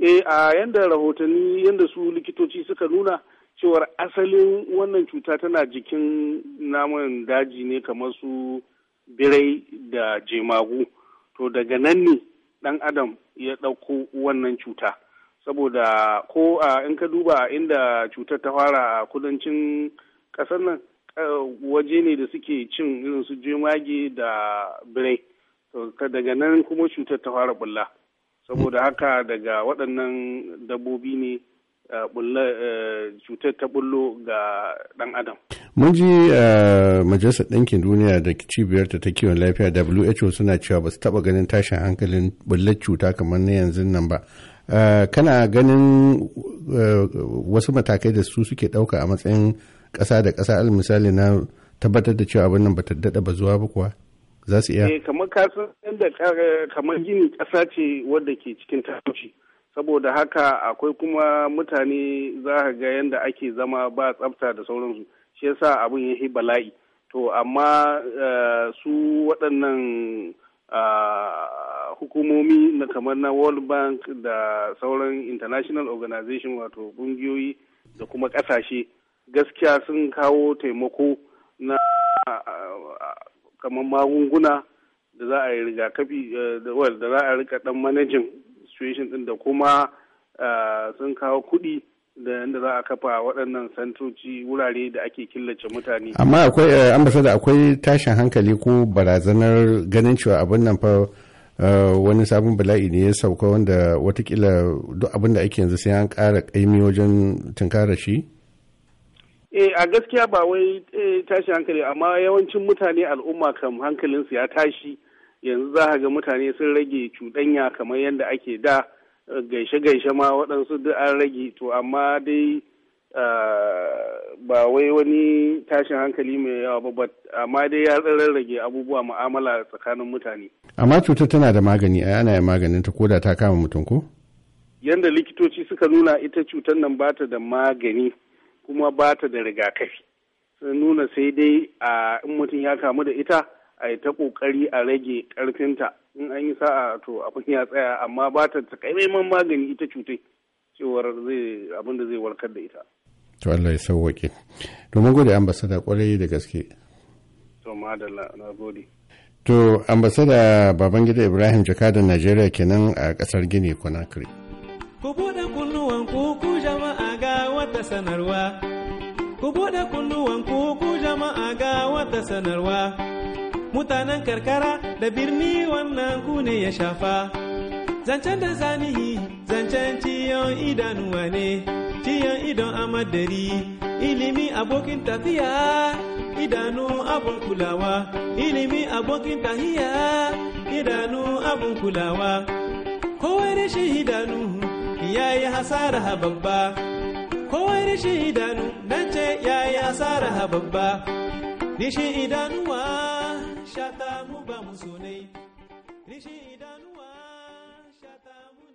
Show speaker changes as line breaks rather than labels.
eh a yanda rahotanni yanda su likitoci suka nuna cewar asalin wannan cuta tana jikin naman daji ne kamar su birai da jemagu to daga nan ne dan adam ya ɗauko wannan cuta saboda ko a in ka duba inda cutar ta fara a kudancin ƙasar nan waje ne da suke cin irin su jemage da birai daga nan kuma cutar ta fara bulla saboda haka daga waɗannan dabbobi ne eh, eh, cutar ta bullo ga ɗan
adam. Mun ji a eh, Majalisar Ɗinkin Duniya da cibiyarta ta kiwon lafiya WHO suna cewa ba su taɓa ganin tashin hankalin bullar cuta kamar na yanzu nan ba. Kana ganin wasu matakai da su suke ɗauka a matsayin ƙasa da ƙasa al misali na tabbatar da cewa abin nan ba ta daɗa ba zuwa ba kuwa? za su iya eh,
kamar kasan yadda kamar gini ƙasa ce wadda ke cikin talauci saboda haka akwai kuma mutane za ka ga yadda ake zama ba tsafta da sauransu shi yasa abin ya bala'i to amma eh, su waɗannan eh, hukumomi na kamar na world bank da sauran international organization wato ƙungiyoyi da kuma ƙasashe gaskiya sun kawo taimako na kamar magunguna da za a yi rigakafi eh, da za a rika dan manajin situation din da kuma eh, sun kawo kuɗi da yadda za a kafa waɗannan santoci wurare da ake killace mutane. Amma
akwai eh, ambasada akwai tashin hankali ko barazanar ganin cewa abin nan fa wani sabon bala'i ne ya sauka wanda watakila duk abin da ake yanzu sai an ƙara ƙaimi wajen tunkara shi?
Eh a gaskiya ba wai eh, tashi hankali amma yawancin mutane al'umma kam hankalinsu ya tashi yanzu za ga mutane sun rage cuɗanya kamar yadda ake da eh, gaishe-gaishe ma waɗansu duk an rage to amma dai eh, ba wai wani tashin hankali mai yawa ba amma dai ya tsirar rage abubuwa mu'amala tsakanin mutane.
Amma cutar tana da magani ai ana maganin ta koda ta kama mutum ko?
Yanda likitoci suka nuna ita cutar nan bata da magani. kuma ba ta da rigakafi sun nuna sai dai a in mutum ya kamu da ita a yi ta kokari a rage karfinta in an yi sa'a to abin ya tsaya amma ba ta takaimaiman magani ita cutai cewar zai abin da zai warkar da ita
to Allah ya sauwaƙe domin gode ambasada kwarai da gaske
to madalla na gode
to ambasada babangida ibrahim jakadan najeriya kenan a kasar gini conakry
Ku buɗe kunnuwanku ku jama'a ga wata sanarwa. Ku buɗe kunnuwanku ku jama'a ga wata sanarwa. Mutanen karkara da birni wannan ku ne ya shafa. Zancen da zanihi zancen ciyon idanuwa ne, ciyon idon amadari, ilimi abokin tafiya, idanu abun kulawa, ilimi abokin tahiya, idanu abun kulawa. Kowai rashin idanu Yayi yi hasara hababba kowai rishi idanu nan ce ya hasara hababba rishi idanuwa shata mu ba mu sonai rishi idanuwa shata mu